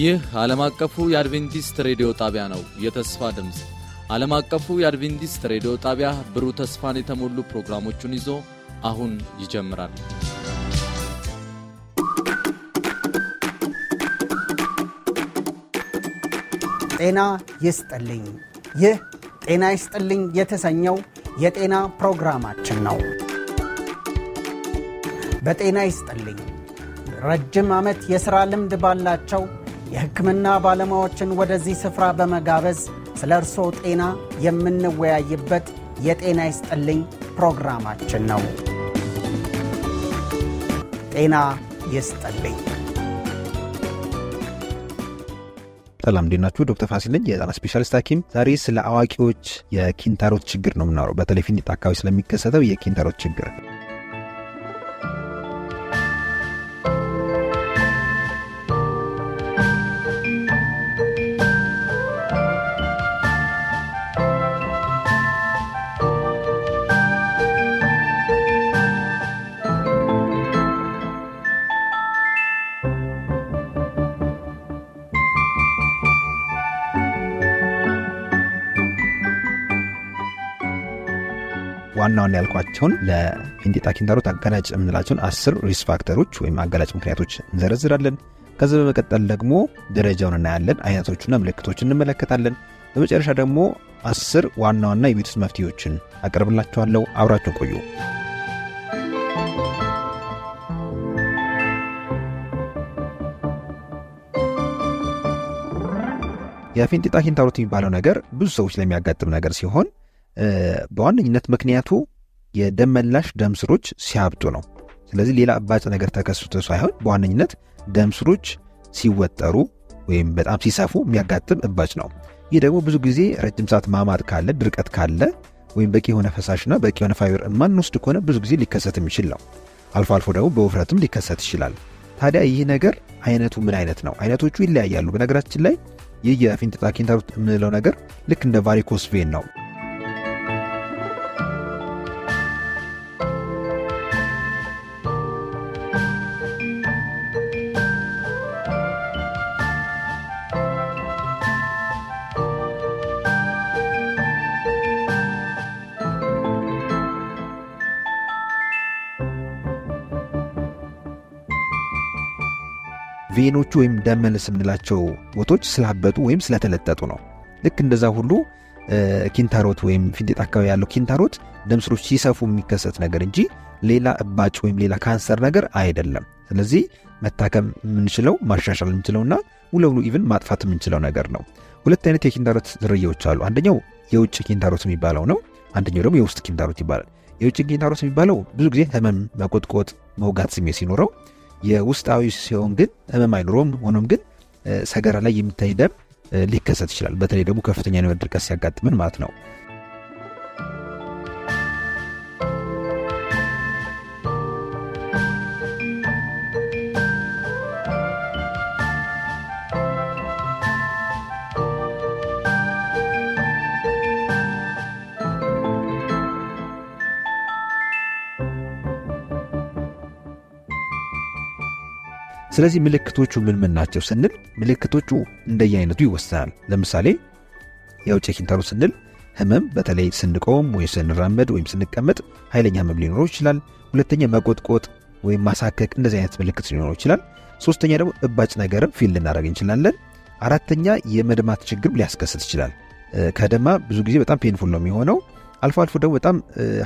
ይህ ዓለም አቀፉ የአድቬንቲስት ሬዲዮ ጣቢያ ነው። የተስፋ ድምፅ ዓለም አቀፉ የአድቬንቲስት ሬዲዮ ጣቢያ ብሩህ ተስፋን የተሞሉ ፕሮግራሞቹን ይዞ አሁን ይጀምራል። ጤና ይስጥልኝ። ይህ ጤና ይስጥልኝ የተሰኘው የጤና ፕሮግራማችን ነው። በጤና ይስጥልኝ ረጅም ዓመት የሥራ ልምድ ባላቸው የሕክምና ባለሙያዎችን ወደዚህ ስፍራ በመጋበዝ ስለ እርስዎ ጤና የምንወያይበት የጤና ይስጥልኝ ፕሮግራማችን ነው። ጤና ይስጥልኝ። ሰላም እንዴናችሁ ዶክተር ፋሲልን የጣና ስፔሻሊስት ሀኪም ዛሬ ስለ አዋቂዎች የኪንታሮት ችግር ነው ምናረው በተለይ ፊንጢጣ አካባቢ ስለሚከሰተው የኪንታሮት ችግር ዋና ያልኳቸውን ለፊንጢጣ ኪንታሮት አጋላጭ የምንላቸውን አስር ሪስ ፋክተሮች ወይም አጋላጭ ምክንያቶች እንዘረዝራለን። ከዚ በመቀጠል ደግሞ ደረጃውን እናያለን። አይነቶቹና ምልክቶች እንመለከታለን። በመጨረሻ ደግሞ አስር ዋና ዋና የቤት ውስጥ መፍትሄዎችን አቀርብላችኋለሁ። አብራችሁን ቆዩ። የፊንጢጣ ኪንታሮት የሚባለው ነገር ብዙ ሰዎች ለሚያጋጥም ነገር ሲሆን በዋነኝነት ምክንያቱ የደም መላሽ ሲያብጡ ነው። ስለዚህ ሌላ እባጭ ነገር ተከስቶ ሳይሆን በዋነኝነት ደምስሮች ሲወጠሩ ወይም በጣም ሲሰፉ የሚያጋጥም እባጭ ነው። ይህ ደግሞ ብዙ ጊዜ ረጅም ሰዓት ማማጥ ካለ፣ ድርቀት ካለ ወይም በቂ የሆነ ፈሳሽና በቂ የሆነ ፋይበር የማንወስድ ከሆነ ብዙ ጊዜ ሊከሰት የሚችል ነው። አልፎ አልፎ ደግሞ በውፍረትም ሊከሰት ይችላል። ታዲያ ይህ ነገር አይነቱ ምን አይነት ነው? አይነቶቹ ይለያያሉ። በነገራችን ላይ ይህ የፊንጢጣ ኪንታሮት የምንለው ነገር ልክ እንደ ቫሪኮስ ቬን ነው። ቬኖቹ ወይም ደም መልስ የምንላቸው ቦቶች ስላበጡ ወይም ስለተለጠጡ ነው። ልክ እንደዛ ሁሉ ኪንታሮት ወይም ፊንጢጣ አካባቢ ያለው ኪንታሮት ደምስሮች ሲሰፉ የሚከሰት ነገር እንጂ ሌላ እባጭ ወይም ሌላ ካንሰር ነገር አይደለም። ስለዚህ መታከም የምንችለው ማሻሻል የምንችለውና ሙሉ ውለውሉ ኢቭን ማጥፋት የምንችለው ነገር ነው። ሁለት አይነት የኪንታሮት ዝርያዎች አሉ። አንደኛው የውጭ ኪንታሮት የሚባለው ነው። አንደኛው ደግሞ የውስጥ ኪንታሮት ይባላል። የውጭ ኪንታሮት የሚባለው ብዙ ጊዜ ህመም፣ መቆጥቆጥ፣ መውጋት ስሜት ሲኖረው የውስጣዊ ሲሆን ግን ህመም አይኖረውም። ሆኖም ግን ሰገራ ላይ የሚታይ ደም ሊከሰት ይችላል። በተለይ ደግሞ ከፍተኛ የደም ድርቀት ሲያጋጥምን ማለት ነው። ስለዚህ ምልክቶቹ ምን ምን ናቸው ስንል ምልክቶቹ እንደየአይነቱ ይወሰናል። ለምሳሌ የውጭ ኪንታሮት ስንል ህመም በተለይ ስንቆም ወይ ስንራመድ ወይም ስንቀመጥ ኃይለኛ ህመም ሊኖረው ይችላል። ሁለተኛ መቆጥቆጥ ወይም ማሳከክ እንደዚህ አይነት ምልክት ሊኖረው ይችላል። ሶስተኛ ደግሞ እባጭ ነገርም ፊል ልናደርግ እንችላለን። አራተኛ የመድማት ችግር ሊያስከስት ይችላል። ከደማ ብዙ ጊዜ በጣም ፔንፉል ነው የሚሆነው። አልፎ አልፎ ደግሞ በጣም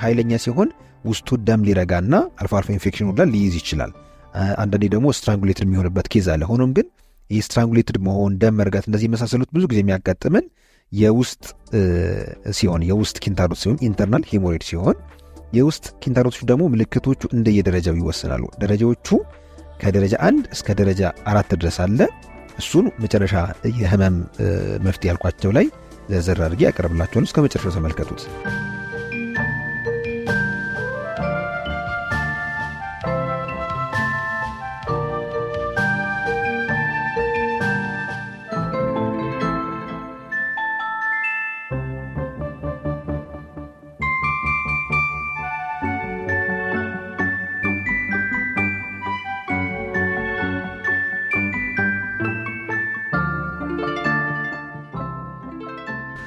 ኃይለኛ ሲሆን ውስጡ ደም ሊረጋና አልፎ አልፎ ኢንፌክሽን ሁላ ሊይዝ ይችላል። አንዳንዴ ደግሞ ስትራንጉሌትድ የሚሆንበት ኬዝ አለ። ሆኖም ግን ይህ ስትራንጉሌትድ መሆን፣ ደም መርጋት፣ እነዚህ የመሳሰሉት ብዙ ጊዜ የሚያጋጥምን የውስጥ ሲሆን የውስጥ ኪንታሮት ሲሆን ኢንተርናል ሄሞሬድ ሲሆን የውስጥ ኪንታሮቶች ደግሞ ምልክቶቹ እንደየደረጃው ይወሰናሉ። ደረጃዎቹ ከደረጃ አንድ እስከ ደረጃ አራት ድረስ አለ። እሱን መጨረሻ የህመም መፍትሄ ያልኳቸው ላይ ዘርዘር አድርጌ ያቀርብላቸዋል። እስከ መጨረሻው ተመልከቱት።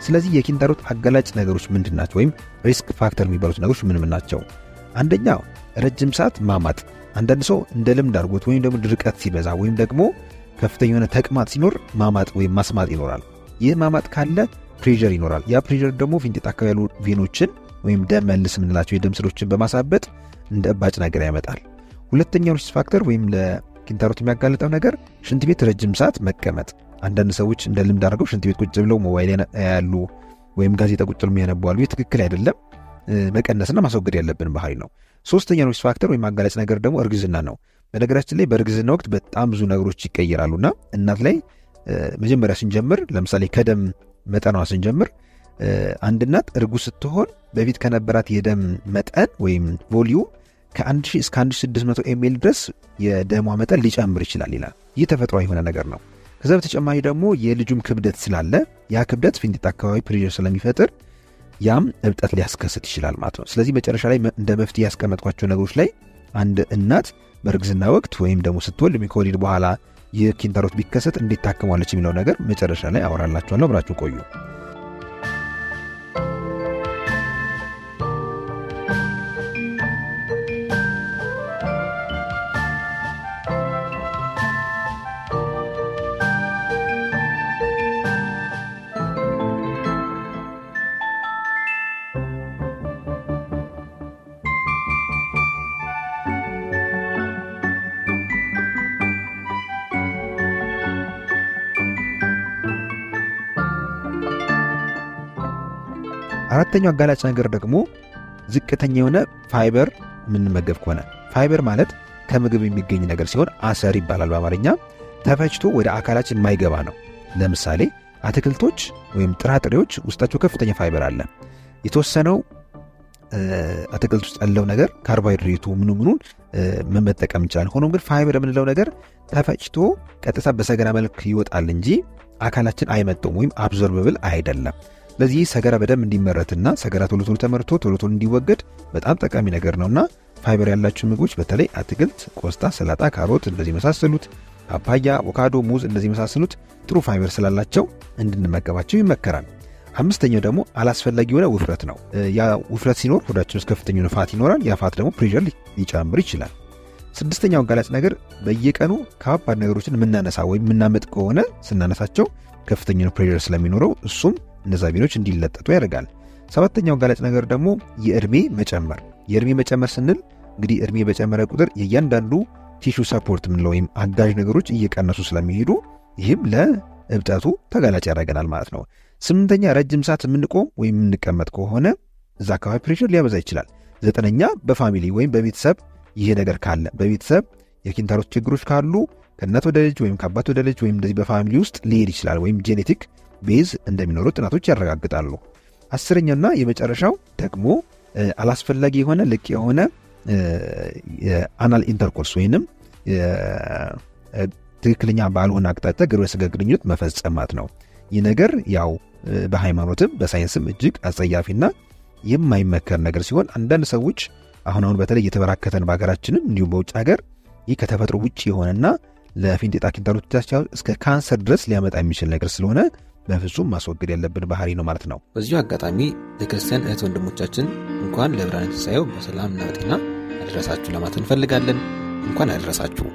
ስለዚህ የኪንታሮት አጋላጭ ነገሮች ምንድን ናቸው? ወይም ሪስክ ፋክተር የሚባሉት ነገሮች ምን ምን ናቸው? አንደኛው ረጅም ሰዓት ማማጥ። አንዳንድ ሰው እንደ ልምድ አድርጎት ወይም ደግሞ ድርቀት ሲበዛ ወይም ደግሞ ከፍተኛ የሆነ ተቅማጥ ሲኖር ማማጥ ወይም ማስማጥ ይኖራል። ይህ ማማጥ ካለ ፕሬር ይኖራል። ያ ፕሬር ደግሞ ፊንጤጣ አካባቢ ያሉ ቬኖችን ወይም ደም መልስ የምንላቸው የደም ስሮችን በማሳበጥ እንደ እባጭ ነገር ያመጣል። ሁለተኛው ሪስክ ፋክተር ወይም ለኪንታሮት የሚያጋልጠው ነገር ሽንት ቤት ረጅም ሰዓት መቀመጥ አንዳንድ ሰዎች እንደ ልምድ አድርገው ሽንት ቤት ቁጭ ብለው ሞባይል ያሉ ወይም ጋዜጣ ቁጭ ብለው ያነባሉ። ይህ ትክክል አይደለም። መቀነስና ማስወገድ ያለብን ባህሪ ነው። ሶስተኛ ሪስክ ፋክተር ወይም አጋላጭ ነገር ደግሞ እርግዝና ነው። በነገራችን ላይ በእርግዝና ወቅት በጣም ብዙ ነገሮች ይቀየራሉና እናት ላይ መጀመሪያ ስንጀምር ለምሳሌ ከደም መጠኗ ስንጀምር አንድ እናት እርጉ ስትሆን በፊት ከነበራት የደም መጠን ወይም ቮሊዩም ከ1000 እስከ 1600 ኤሜል ድረስ የደሟ መጠን ሊጨምር ይችላል ይላል። ይህ ተፈጥሯዊ የሆነ ነገር ነው። ከዛ በተጨማሪ ደግሞ የልጁም ክብደት ስላለ ያ ክብደት ፊንጢጣ አካባቢ ፕሬር ስለሚፈጥር ያም እብጠት ሊያስከስት ይችላል ማለት ነው። ስለዚህ መጨረሻ ላይ እንደ መፍትሄ ያስቀመጥኳቸው ነገሮች ላይ አንድ እናት በእርግዝና ወቅት ወይም ደግሞ ስትወልድ ከወሊድ በኋላ ይህ ኪንታሮት ቢከሰት እንዴት ታክሟለች የሚለው ነገር መጨረሻ ላይ አወራላችኋለሁ። ብራችሁ ቆዩ። አራተኛው አጋላጭ ነገር ደግሞ ዝቅተኛ የሆነ ፋይበር የምንመገብ ከሆነ ፋይበር ማለት ከምግብ የሚገኝ ነገር ሲሆን አሰር ይባላል በአማርኛ። ተፈጭቶ ወደ አካላችን የማይገባ ነው። ለምሳሌ አትክልቶች ወይም ጥራጥሬዎች ውስጣቸው ከፍተኛ ፋይበር አለ። የተወሰነው አትክልት ውስጥ ያለው ነገር ካርቦሃይድሬቱ ምኑ ምኑን መመጠቀም እንችላለን። ሆኖም ግን ፋይበር የምንለው ነገር ተፈጭቶ ቀጥታ በሰገራ መልክ ይወጣል እንጂ አካላችን አይመጠውም ወይም አብዞርብብል አይደለም። ስለዚህ ሰገራ በደንብ እንዲመረትና ሰገራ ቶሎ ቶሎ ተመርቶ ቶሎ ቶሎ እንዲወገድ በጣም ጠቃሚ ነገር ነውና ፋይበር ያላቸው ምግቦች በተለይ አትክልት፣ ቆስጣ፣ ሰላጣ፣ ካሮት እንደዚህ መሳሰሉት ፓፓያ፣ አቮካዶ፣ ሙዝ እንደዚህ መሳሰሉት ጥሩ ፋይበር ስላላቸው እንድንመገባቸው ይመከራል። አምስተኛው ደግሞ አላስፈላጊ የሆነ ውፍረት ነው። ያ ውፍረት ሲኖር ሆዳችን ውስጥ ከፍተኛ የሆነ ፋት ይኖራል። ያ ፋት ደግሞ ፕሬሸር ሊጨምር ይችላል። ስድስተኛው አጋላጭ ነገር በየቀኑ ከባድ ነገሮችን የምናነሳ ወይም የምናመጥ ከሆነ ስናነሳቸው ከፍተኛ ፕሬሸር ስለሚኖረው እሱም እነዛ ቢሎች እንዲለጠጡ ያደርጋል። ሰባተኛው ጋላጭ ነገር ደግሞ የእድሜ መጨመር። የእድሜ መጨመር ስንል እንግዲህ እድሜ በጨመረ ቁጥር የእያንዳንዱ ቲሹ ሰፖርት ምንለው ወይም አጋዥ ነገሮች እየቀነሱ ስለሚሄዱ ይህም ለእብጠቱ ተጋላጭ ያደርገናል ማለት ነው። ስምንተኛ ረጅም ሰዓት የምንቆም ወይም የምንቀመጥ ከሆነ እዛ አካባቢ ፕሬሽር ሊያበዛ ይችላል። ዘጠነኛ በፋሚሊ ወይም በቤተሰብ ይሄ ነገር ካለ በቤተሰብ የኪንታሮት ችግሮች ካሉ ከእናት ወደ ልጅ ወይም ከአባት ወደ ልጅ ወይም እንደዚህ በፋሚሊ ውስጥ ሊሄድ ይችላል ወይም ጄኔቲክ ቤዝ እንደሚኖሩ ጥናቶች ያረጋግጣሉ። አስረኛውና የመጨረሻው ደግሞ አላስፈላጊ የሆነ ልክ የሆነ የአናል ኢንተርኮርስ ወይንም ትክክለኛ ባልሆነ አቅጣጫ ግብረ ሥጋ ግንኙነት መፈጸማት ነው። ይህ ነገር ያው በሃይማኖትም በሳይንስም እጅግ አጸያፊና የማይመከር ነገር ሲሆን አንዳንድ ሰዎች አሁን አሁን በተለይ እየተበራከተን በሀገራችንም እንዲሁም በውጭ ሀገር ይህ ከተፈጥሮ ውጭ የሆነና ለፊንጤጣ ኪንታሮቻቸው እስከ ካንሰር ድረስ ሊያመጣ የሚችል ነገር ስለሆነ በፍጹም ማስወገድ ያለብን ባህሪ ነው ማለት ነው። በዚሁ አጋጣሚ ለክርስቲያን እህት ወንድሞቻችን እንኳን ለብርሃነ ትንሣኤው በሰላምና ጤና አደረሳችሁ ለማለት እንፈልጋለን። እንኳን አደረሳችሁ።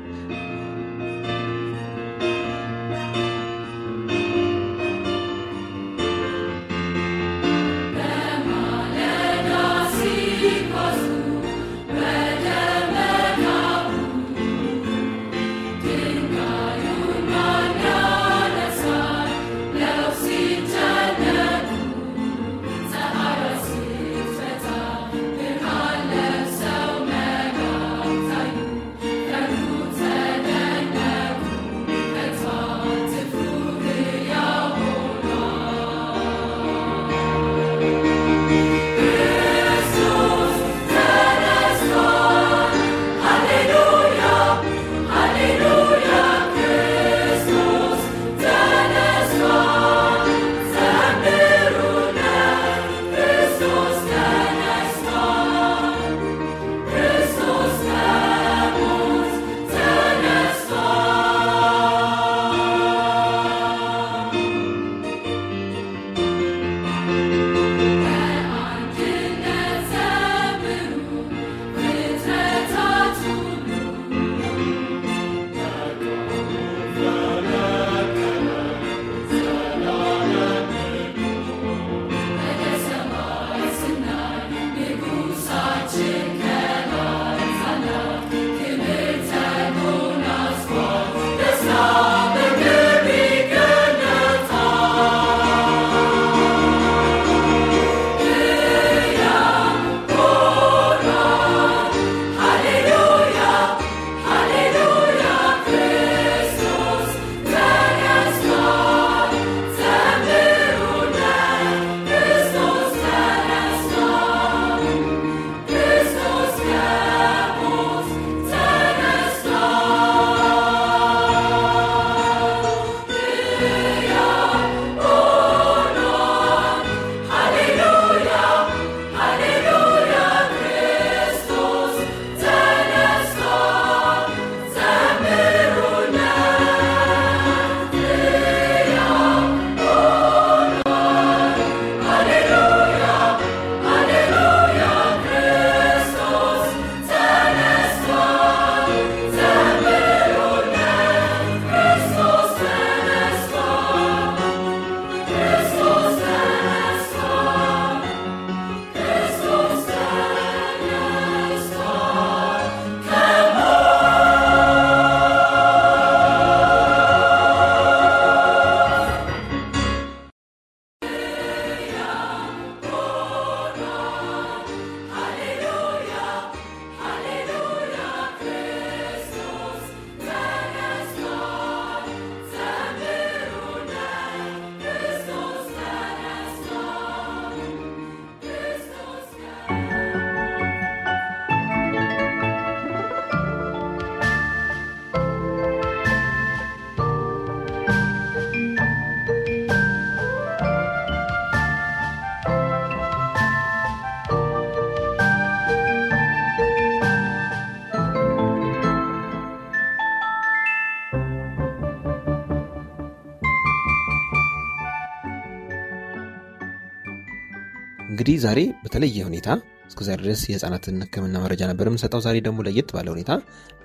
እንግዲህ ዛሬ በተለየ ሁኔታ እስከዛ ድረስ የህፃናትን ህክምና መረጃ ነበር የምንሰጠው። ዛሬ ደግሞ ለየት ባለ ሁኔታ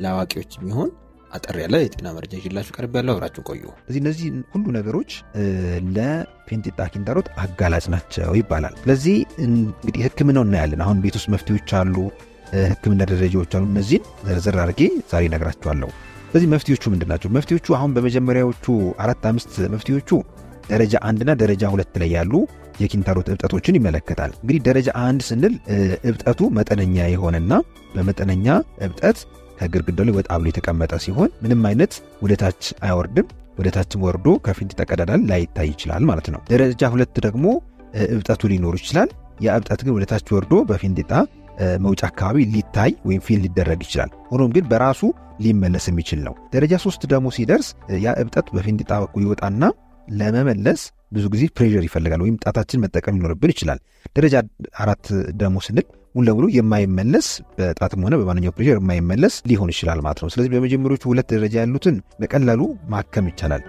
ለአዋቂዎች የሚሆን አጠር ያለ የጤና መረጃ ይዤላችሁ ቀርብ ያለው አብራችሁ ቆዩ። እዚህ እነዚህ ሁሉ ነገሮች ለፔንጤጣ ኪንታሮት አጋላጭ ናቸው ይባላል። ስለዚህ እንግዲህ ህክምናው እናያለን። አሁን ቤት ውስጥ መፍትሄዎች አሉ፣ ህክምና ደረጃዎች አሉ። እነዚህን ዘርዘር አድርጌ ዛሬ ነግራችኋለሁ ስለዚህ መፍትሄዎቹ ምንድን ናቸው? መፍትዎቹ አሁን በመጀመሪያዎቹ አራት አምስት መፍትሄዎቹ ደረጃ አንድና ደረጃ ሁለት ላይ ያሉ የኪንታሮት እብጠቶችን ይመለከታል። እንግዲህ ደረጃ አንድ ስንል እብጠቱ መጠነኛ የሆነና በመጠነኛ እብጠት ከግድግዳው ላይ ወጣ ብሎ የተቀመጠ ሲሆን ምንም አይነት ወደታች አይወርድም። ወደታችም ወርዶ ከፊት ተቀዳዳል ላይታይ ይችላል ማለት ነው። ደረጃ ሁለት ደግሞ እብጠቱ ሊኖር ይችላል። ያ እብጠት ግን ወደታች ወርዶ በፊንጢጣ መውጫ አካባቢ ሊታይ ወይም ፊል ሊደረግ ይችላል። ሆኖም ግን በራሱ ሊመለስ የሚችል ነው። ደረጃ ሶስት ደግሞ ሲደርስ ያ እብጠት በፊንጢጣ በኩል ይወጣና ለመመለስ ብዙ ጊዜ ፕሬር ይፈልጋል ወይም ጣታችን መጠቀም ሊኖርብን ይችላል። ደረጃ አራት ደግሞ ስንል ሙሉ ለሙሉ የማይመለስ በጣትም ሆነ በማንኛው ፕሬር የማይመለስ ሊሆን ይችላል ማለት ነው። ስለዚህ በመጀመሪያዎቹ ሁለት ደረጃ ያሉትን በቀላሉ ማከም ይቻላል።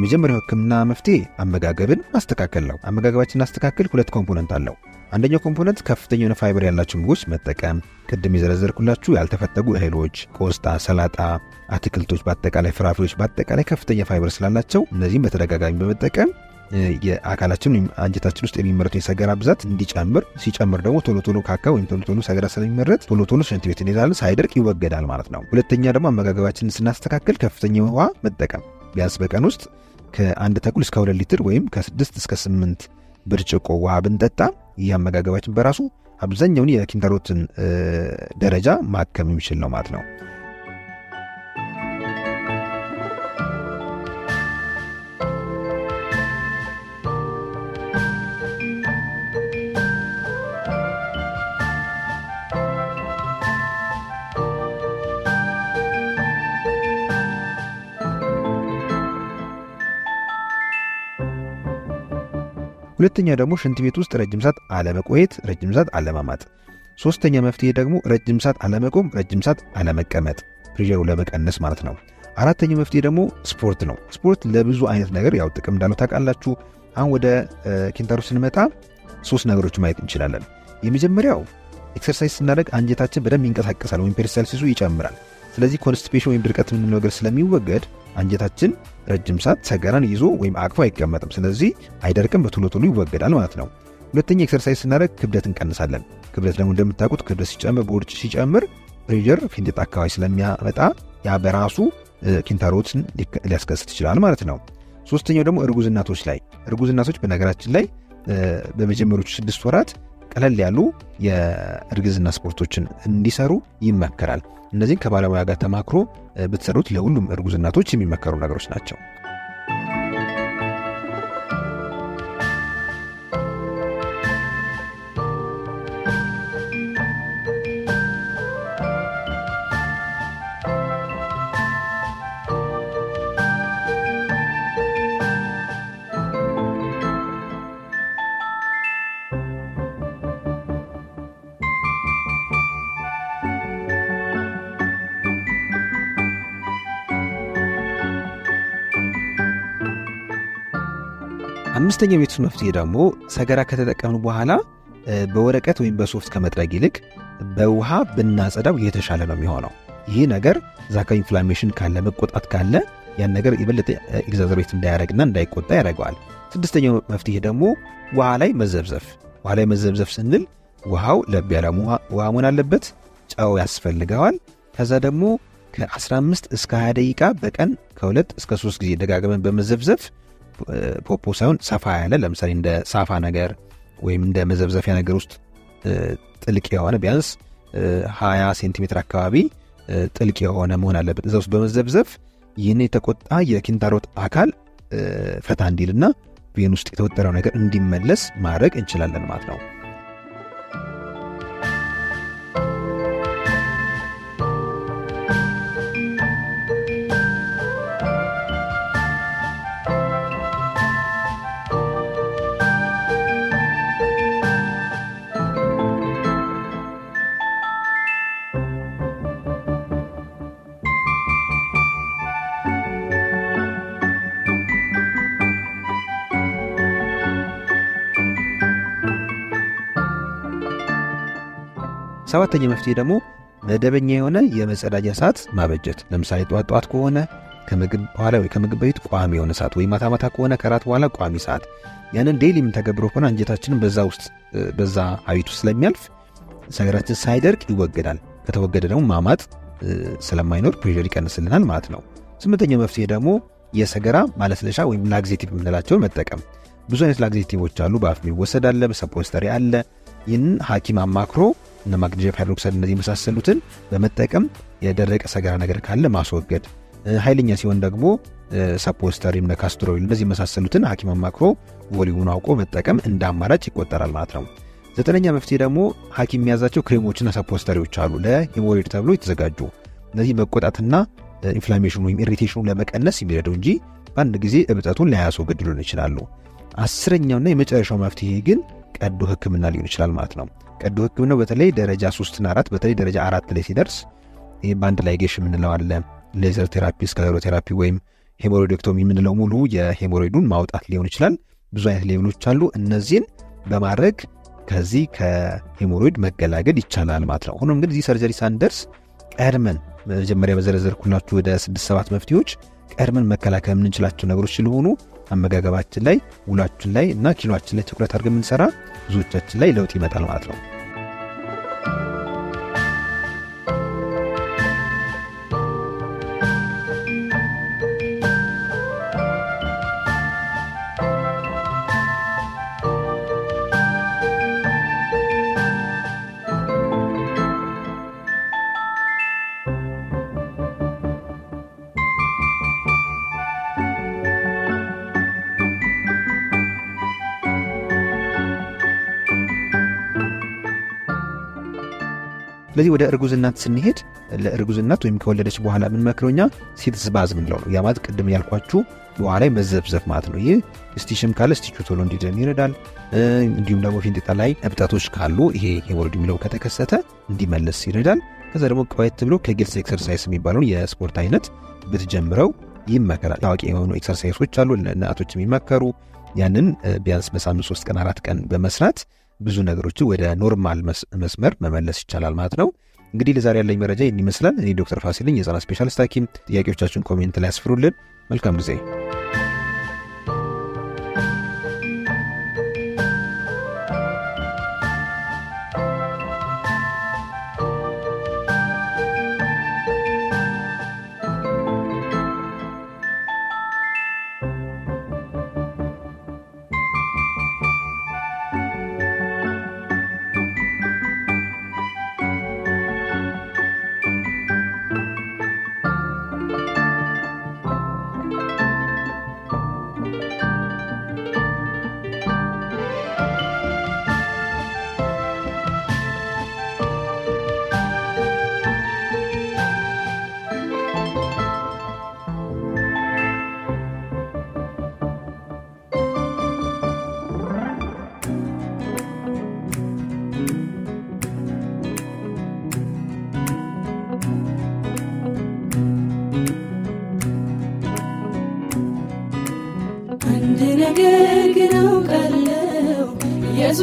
የመጀመሪያው ህክምና መፍትሄ አመጋገብን ማስተካከል ነው። አመጋገባችን አስተካከል ሁለት ኮምፖነንት አለው። አንደኛው ኮምፖነንት ከፍተኛ የሆነ ፋይበር ያላቸው ምግቦች መጠቀም፣ ቅድም የዘረዘርኩላችሁ ያልተፈተጉ እህሎች፣ ቆስጣ፣ ሰላጣ፣ አትክልቶች፣ በአጠቃላይ ፍራፍሬዎች፣ በአጠቃላይ ከፍተኛ ፋይበር ስላላቸው እነዚህም በተደጋጋሚ በመጠቀም የአካላችን ወይም አንጀታችን ውስጥ የሚመረቱ የሰገራ ብዛት እንዲጨምር ሲጨምር ደግሞ ቶሎ ቶሎ ካካ ወይም ቶሎ ቶሎ ሰገራ ስለሚመረት ቶሎ ቶሎ ሽንት ቤት እንሄዳለን፣ ሳይደርቅ ይወገዳል ማለት ነው። ሁለተኛ ደግሞ አመጋገባችንን ስናስተካከል ከፍተኛ ውሃ መጠቀም ቢያንስ በቀን ውስጥ ከአንድ ተኩል እስከ ሁለት ሊትር ወይም ከስድስት እስከ ስምንት ብርጭቆ ውሃ ብንጠጣ ይህ አመጋገባችን በራሱ አብዛኛውን የኪንታሮትን ደረጃ ማከም የሚችል ነው ማለት ነው። ሁለተኛ ደግሞ ሽንት ቤት ውስጥ ረጅም ሰዓት አለመቆየት፣ ረጅም ሰዓት አለማማጥ። ሶስተኛ መፍትሄ ደግሞ ረጅም ሰዓት አለመቆም፣ ረጅም ሰዓት አለመቀመጥ፣ ፕሬሩ ለመቀነስ ማለት ነው። አራተኛው መፍትሄ ደግሞ ስፖርት ነው። ስፖርት ለብዙ አይነት ነገር ያው ጥቅም እንዳለው ታውቃላችሁ። አሁን ወደ ኪንታሩ ስንመጣ ሶስት ነገሮች ማየት እንችላለን። የመጀመሪያው ኤክሰርሳይዝ ስናደርግ አንጀታችን በደንብ ይንቀሳቀሳል ወይም ፔሪስታልሲሱ ይጨምራል። ስለዚህ ኮንስቲፔሽን ወይም ድርቀት የምንለው ነገር ስለሚወገድ አንጀታችን ረጅም ሰዓት ሰገራን ይዞ ወይም አቅፎ አይቀመጥም። ስለዚህ አይደርቅም፣ በቶሎ ቶሎ ይወገዳል ማለት ነው። ሁለተኛ ኤክሰርሳይዝ ስናደርግ ክብደት እንቀንሳለን። ክብደት ደግሞ እንደምታውቁት ክብደት ሲጨምር ቦርጭ ሲጨምር ፕሬዠር ፊንጢጣ አካባቢ ስለሚያመጣ ያ በራሱ ኪንታሮትን ሊያስከስት ይችላል ማለት ነው። ሶስተኛው ደግሞ እርጉዝ እናቶች ላይ እርጉዝ እናቶች በነገራችን ላይ በመጀመሪያዎቹ ስድስት ወራት ቀለል ያሉ የእርግዝና ስፖርቶችን እንዲሰሩ ይመከራል። እነዚህን ከባለሙያ ጋር ተማክሮ ብትሰሩት ለሁሉም እርጉዝናቶች የሚመከሩ ነገሮች ናቸው። ሶስተኛው የቤት መፍትሄ ደግሞ ሰገራ ከተጠቀምን በኋላ በወረቀት ወይም በሶፍት ከመጥረግ ይልቅ በውሃ ብናጸዳው የተሻለ ነው የሚሆነው። ይህ ነገር ዛካ ኢንፍላሜሽን ካለ መቆጣት ካለ ያን ነገር የበለጠ ኤግዛዘሬት እንዳያደረግና እንዳይቆጣ ያደረገዋል። ስድስተኛው መፍትሄ ደግሞ ውሃ ላይ መዘብዘፍ። ውሃ ላይ መዘብዘፍ ስንል ውሃው ለብ ያለ ውሃ መሆን አለበት፣ ጨው ያስፈልገዋል። ከዛ ደግሞ ከ15 እስከ 20 ደቂቃ በቀን ከ2 እስከ 3 ጊዜ ደጋግመን በመዘብዘፍ ፖፖ ሳይሆን ሰፋ ያለ ለምሳሌ እንደ ሳፋ ነገር ወይም እንደ መዘብዘፊያ ነገር ውስጥ ጥልቅ የሆነ ቢያንስ 20 ሴንቲሜትር አካባቢ ጥልቅ የሆነ መሆን አለበት። እዛ ውስጥ በመዘብዘፍ ይህን የተቆጣ የኪንታሮት አካል ፈታ እንዲልና ቬን ውስጥ የተወጠረው ነገር እንዲመለስ ማድረግ እንችላለን ማለት ነው። ሰባተኛ መፍትሄ ደግሞ መደበኛ የሆነ የመጸዳጃ ሰዓት ማበጀት። ለምሳሌ ጠዋት ጠዋት ከሆነ ከምግብ በኋላ ወይ ከምግብ በፊት ቋሚ የሆነ ሰዓት ወይ ማታ ማታ ከሆነ ከራት በኋላ ቋሚ ሰዓት ያንን ዴይሊ የምንተገብረ ከሆነ አንጀታችንን በዛ ውስጥ በዛ ሀቢት ውስጥ ስለሚያልፍ ሰገራችን ሳይደርቅ ይወገዳል። ከተወገደ ደግሞ ማማጥ ስለማይኖር ፕሬር ይቀንስልናል ማለት ነው። ስምንተኛው መፍትሄ ደግሞ የሰገራ ማለስለሻ ወይም ላግዜቲቭ የምንላቸውን መጠቀም። ብዙ አይነት ላግዜቲቮች አሉ። በአፍ የሚወሰድ አለ፣ በሰፖስተሪ አለ። ይህን ሐኪም አማክሮ እነ ማግኔዥየም ሃይድሮክሳይድ እነዚህ የመሳሰሉትን በመጠቀም የደረቀ ሰገራ ነገር ካለ ማስወገድ፣ ኃይለኛ ሲሆን ደግሞ ሰፖስተሪም ካስትሮይል እነዚህ የመሳሰሉትን ሐኪም አማክሮ ቮሊዩሙን አውቆ መጠቀም እንደ አማራጭ ይቆጠራል ማለት ነው። ዘጠነኛ መፍትሄ ደግሞ ሐኪም የያዛቸው ክሬሞችና ሰፖስተሪዎች አሉ ለሂሞሮይድ ተብሎ የተዘጋጁ እነዚህ መቆጣትና ኢንፍላሜሽን ወይም ኢሪቴሽኑ ለመቀነስ የሚረደው እንጂ በአንድ ጊዜ እብጠቱን ላያስወገድሉን ይችላሉ። አስረኛውና የመጨረሻው መፍትሄ ግን ቀዶ ህክምና ሊሆን ይችላል ማለት ነው። ቀዶ ህክምናው በተለይ ደረጃ ሶስትና አራት በተለይ ደረጃ አራት ላይ ሲደርስ ይህ በአንድ ላይ ጌሽ የምንለው አለ። ሌዘር ቴራፒ፣ ቴራፒ ወይም ሄሞሮይዶክቶሚ የምንለው ሙሉ የሄሞሮይዱን ማውጣት ሊሆን ይችላል። ብዙ አይነት ሌብሎች አሉ። እነዚህን በማድረግ ከዚህ ከሄሞሮይድ መገላገል ይቻላል ማለት ነው። ሆኖም ግን እዚህ ሰርጀሪ ሳንደርስ ቀድመን መጀመሪያ በዘረዘርኩላችሁ ወደ ስድስት ሰባት መፍትሄዎች ቀድመን መከላከል የምንችላቸው ነገሮች ስለሆኑ አመጋገባችን ላይ፣ ውሏችን ላይ እና ኪሏችን ላይ ትኩረት አድርገን የምንሰራ ብዙዎቻችን ላይ ለውጥ ይመጣል ማለት ነው። ስለዚህ ወደ እርጉዝናት ስንሄድ ለእርጉዝናት ወይም ከወለደች በኋላ የምንመክረው እኛ ሲትስባዝ ምንለው ነው። ያማት ቅድም ያልኳችሁ በኋላ ላይ መዘፍዘፍ ማለት ነው። ይህ ስቲሽም ካለ ስቲቹ ቶሎ እንዲደም ይረዳል። እንዲሁም ደግሞ ፊንጢጣ ላይ እብጠቶች ካሉ ይሄ ሄሞሮይድ የሚለው ከተከሰተ እንዲመለስ ይረዳል። ከዛ ደግሞ ቀዋየት ብሎ ከጌልስ ኤክሰርሳይዝ የሚባለውን የስፖርት አይነት ብትጀምረው ይመከራል። ታዋቂ የሆኑ ኤክሰርሳይሶች አሉ እናቶች የሚመከሩ ያንን ቢያንስ በሳምንት ሶስት ቀን አራት ቀን በመስራት ብዙ ነገሮችን ወደ ኖርማል መስመር መመለስ ይቻላል ማለት ነው። እንግዲህ ለዛሬ ያለኝ መረጃ ይህን ይመስላል። እኔ ዶክተር ፋሲልኝ ነኝ፣ ስፔሻሊስት ሐኪም። ጥያቄዎቻችን ኮሜንት ላይ ያስፍሩልን። መልካም ጊዜ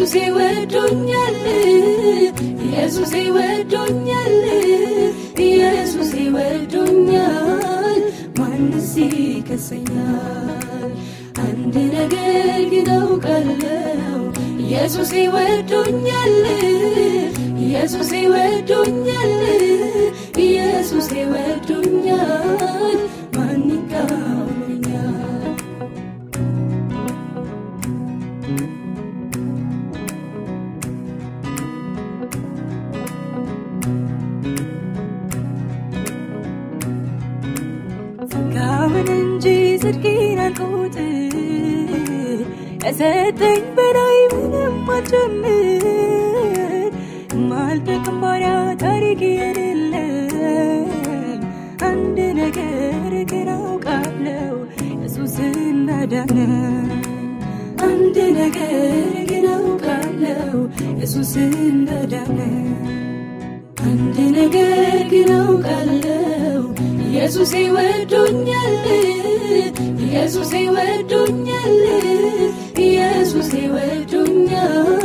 ኢየሱስ ይወዶኛል ኢየሱስ ይወዶኛል ኢየሱስ ይወዶኛል ማንስ ይከሰኛል አንድ ነገር ግን አውቃለው ኢየሱስ ይወዶኛል ኢየሱስ ይወዶኛል ኢየሱስ ይወዶኛል ከሰጠኝ በላይ ምንም አልጨምር ማልጠቅም ባሪያ ታሪክ የሌለም አንድ ነገር ግን አውቃለው ኢየሱስን መዳነ አንድ ነገር ግን አውቃለው ኢየሱስን መዳነ አንድ ነገር ግን አውቃለው ኢየሱስ ይወዶኛል ኢየሱስ ይወዶኛል ኢየሱስ ይወዶኛል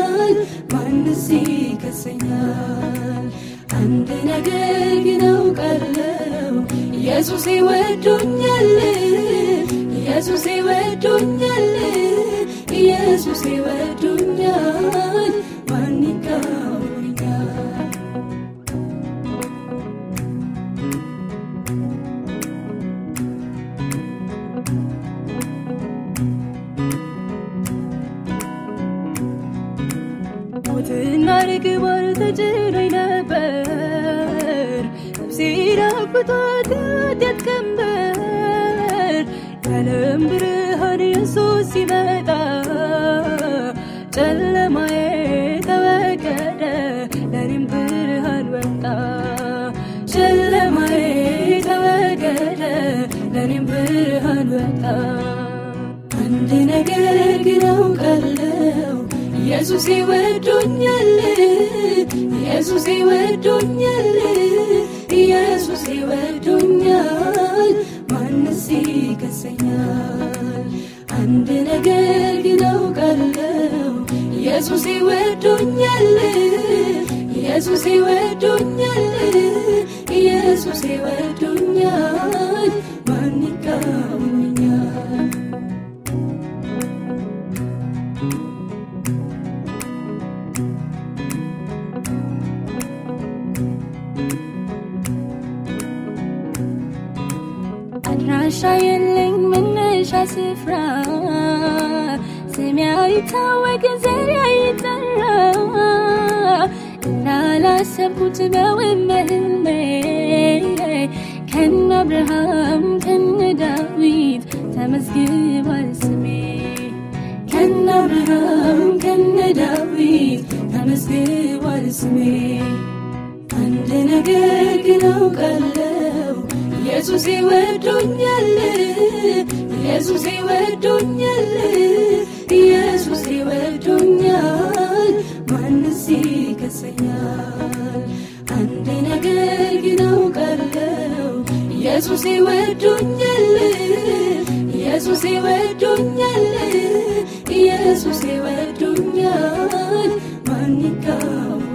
ማንስ ይከሰኛል አንድ ነገር ግን አውቃለው ኢየሱስ ይወዶኛል ኢየሱስ ይወዶኛል ኢየሱስ ይወዶኛል ማን ይቃወ ከኃጢአት ቀንበር የዓለም ብርሃን ኢየሱስ ሲመጣ ጨለማዬ ተወገደ፣ ለኔም ብርሃን ወጣ። ጨለማዬ ተወገደ፣ ለኔም ብርሃን ወጣ። አንድ ነገር ኢየሱስ ኢየሱስ ወዶኛል ማንስ ይከሰኛል? አንድ ነገር ግን አውቃለው ኢየሱስ ይወዶኛል ኢየሱስ ይወዶኛል ኢየሱስ ይወዶኛል ማን ይቃወመኛል? ሻየለኝ መነሻ ስፍራ ስሜ አይታወቅ ዘሬ አይጠራ እና ላሰብኩት በወመህልሜ ከነ አብርሃም ከነ ዳዊት ተመዝግቧል ስሜ ከነ አብርሃም ከነ ዳዊት ተመዝግቧል ስሜ አንድ ነገር ግን አውቃለሁ ኢየሱስ ይወዶኛል ኢየሱስ ይወዶኛል ኢየሱስ ይወዶኛል ማንስ ይከሰኛል አንድ ነገር ግን አውቃለሁ ኢየሱስ ይወዶኛል ኢየሱስ ይወዶኛል ኢየሱስ ይወዶኛል ማን ይቃወ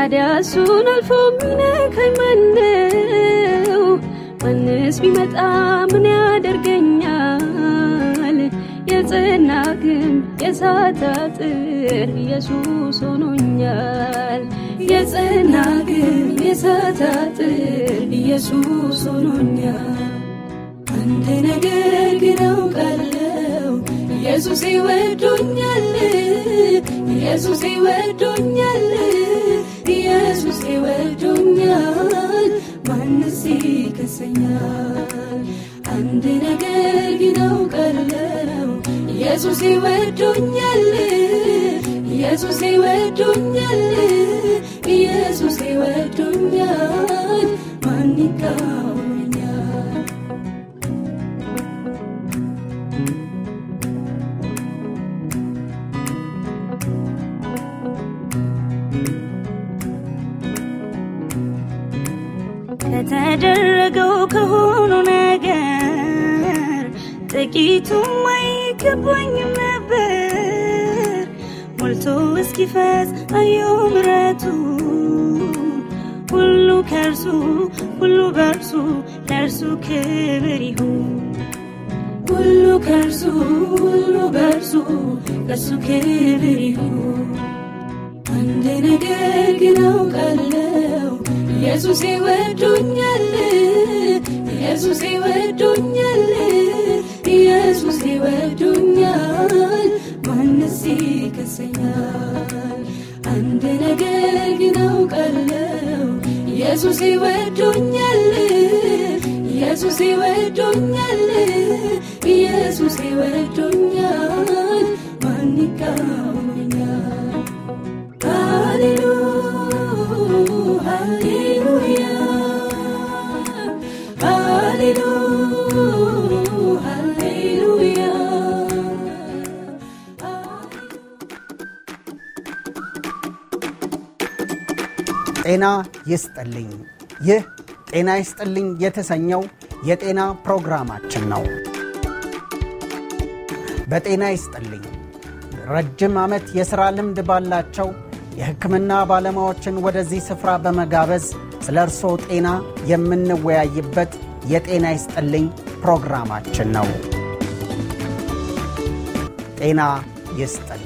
ታዲያ እሱን አልፎ ሚነካኝ ማነው? ማንስ ቢመጣ ምን ያደርገኛል? የጽና ግንብ የሳት አጥር ኢየሱስ ሆኖኛል። የጽና ግንብ የሳት አጥር ኢየሱስ ሆኖኛል። አንድ ነገር ግን አውቃለሁ ኢየሱስ ይወዶኛል፣ ኢየሱስ ይወዶኛል ኢየሱስ ይወዶኛል፣ ማንስ ይከሰኛል? አንድ ነገር ግን አውቃለው፣ ኢየሱስ ይወዶኛል፣ ኢየሱስ ይወዶኛል፣ ኢየሱስ ይወዶኛል፣ ማን ይቃወ ጥቂቱም አይከባኝ ነበር ሞልቶ እስኪፈስ አዩ ምረቱ ሁሉ ከርሱ ሁሉ በርሱ ለርሱ ክብር ይሁን ሁሉ ከርሱ ሁሉ በርሱ ለእርሱ ክብር ይሁን አንድ ነገር ግን አውቃለሁ ኢየሱስ ይወዱኛል ኢየሱስ ይወዱኛል ኢየሱስ ይወዱኛል ማንስ ይከሰኛል አንድ ነገር ግን አውቃለው ኢየሱስ ይወዱኛል ኢየሱስ ይወዱኛል ኢየሱስ ይወዱኛል ማን ይቃወመኛል ሃሌሉ ሃሌሉ ጤና ይስጥልኝ። ይህ ጤና ይስጥልኝ የተሰኘው የጤና ፕሮግራማችን ነው። በጤና ይስጥልኝ ረጅም ዓመት የሥራ ልምድ ባላቸው የሕክምና ባለሙያዎችን ወደዚህ ስፍራ በመጋበዝ ስለ እርስዎ ጤና የምንወያይበት የጤና ይስጥልኝ ፕሮግራማችን ነው። ጤና ይስጥልኝ።